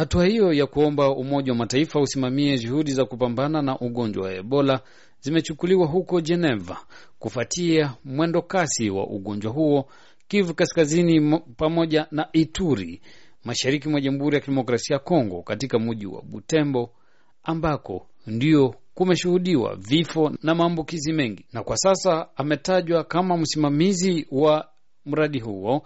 Hatua hiyo ya kuomba Umoja wa Mataifa usimamie juhudi za kupambana na ugonjwa wa Ebola zimechukuliwa huko Geneva kufuatia mwendo kasi wa ugonjwa huo Kivu Kaskazini pamoja na Ituri, mashariki mwa Jamhuri ya Kidemokrasia ya Kongo, katika mji wa Butembo ambako ndio kumeshuhudiwa vifo na maambukizi mengi, na kwa sasa ametajwa kama msimamizi wa mradi huo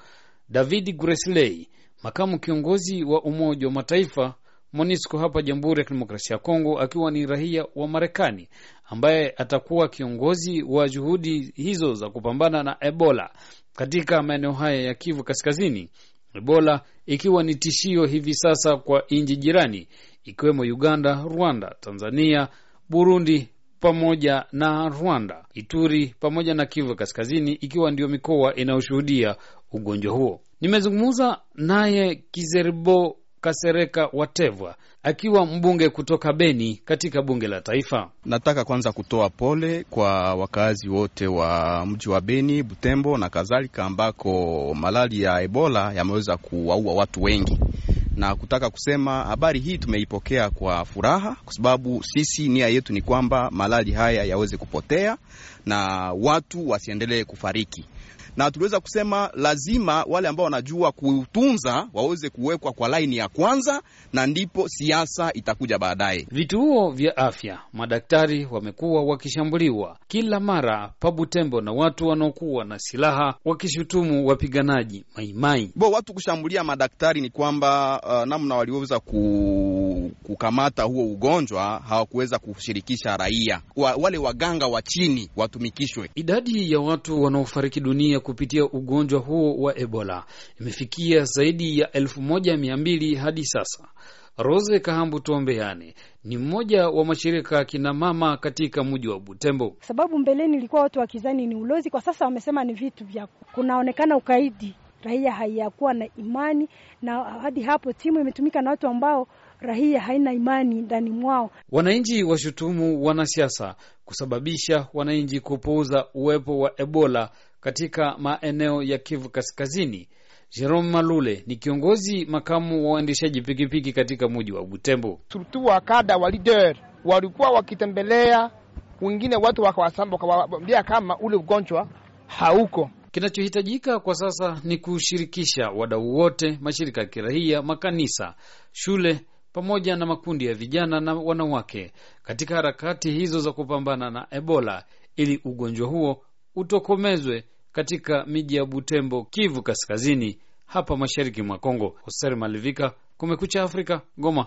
David Gresley makamu kiongozi wa Umoja wa Mataifa MONUSCO hapa Jamhuri ya Kidemokrasia ya Kongo, akiwa ni raia wa Marekani ambaye atakuwa kiongozi wa juhudi hizo za kupambana na Ebola katika maeneo haya ya Kivu Kaskazini, Ebola ikiwa ni tishio hivi sasa kwa nchi jirani ikiwemo Uganda, Rwanda, Tanzania, Burundi pamoja na Rwanda, Ituri pamoja na Kivu Kaskazini, ikiwa ndiyo mikoa inayoshuhudia ugonjwa huo. Nimezungumza naye Kizerbo Kasereka Watevwa akiwa mbunge kutoka Beni katika bunge la taifa. Nataka kwanza kutoa pole kwa wakazi wote wa mji wa Beni, Butembo na kadhalika, ambako malali ya Ebola yameweza kuwaua watu wengi na kutaka kusema habari hii tumeipokea kwa furaha, kwa sababu sisi nia yetu ni kwamba malali haya yaweze kupotea na watu wasiendelee kufariki na tuliweza kusema lazima wale ambao wanajua kutunza waweze kuwekwa kwa laini ya kwanza, na ndipo siasa itakuja baadaye. Vituo vya afya, madaktari wamekuwa wakishambuliwa kila mara pa Butembo na watu wanaokuwa na silaha wakishutumu wapiganaji maimai Bo watu kushambulia madaktari ni kwamba uh, namna waliweza ku kukamata huo ugonjwa hawakuweza kushirikisha raia wa, wale waganga wa chini watumikishwe. Idadi ya watu wanaofariki dunia kupitia ugonjwa huo wa Ebola imefikia zaidi ya elfu moja mia mbili hadi sasa. Rose Kahambu Tuombeane ni mmoja wa mashirika ya kinamama katika mji wa Butembo. Sababu mbeleni ilikuwa watu wakizani ni ulozi, kwa sasa wamesema ni vitu vya kunaonekana ukaidi, raia haiyakuwa na imani na hadi hapo timu imetumika na watu ambao raia haina imani ndani mwao. Wananchi washutumu wanasiasa kusababisha wananchi kupuuza uwepo wa Ebola katika maeneo ya Kivu Kaskazini. Jerome Malule ni kiongozi makamu wa waendeshaji pikipiki katika muji wa Butembo. Surtu wakada wa lider walikuwa wakitembelea wengine, watu wakawasamba, wakawaambia kama ule ugonjwa hauko. Kinachohitajika kwa sasa ni kushirikisha wadau wote, mashirika ya kiraia, makanisa, shule pamoja na makundi ya vijana na wanawake katika harakati hizo za kupambana na Ebola ili ugonjwa huo utokomezwe katika miji ya Butembo, Kivu Kaskazini, hapa mashariki mwa Kongo. Hoser Malivika, Kumekucha Afrika, Goma.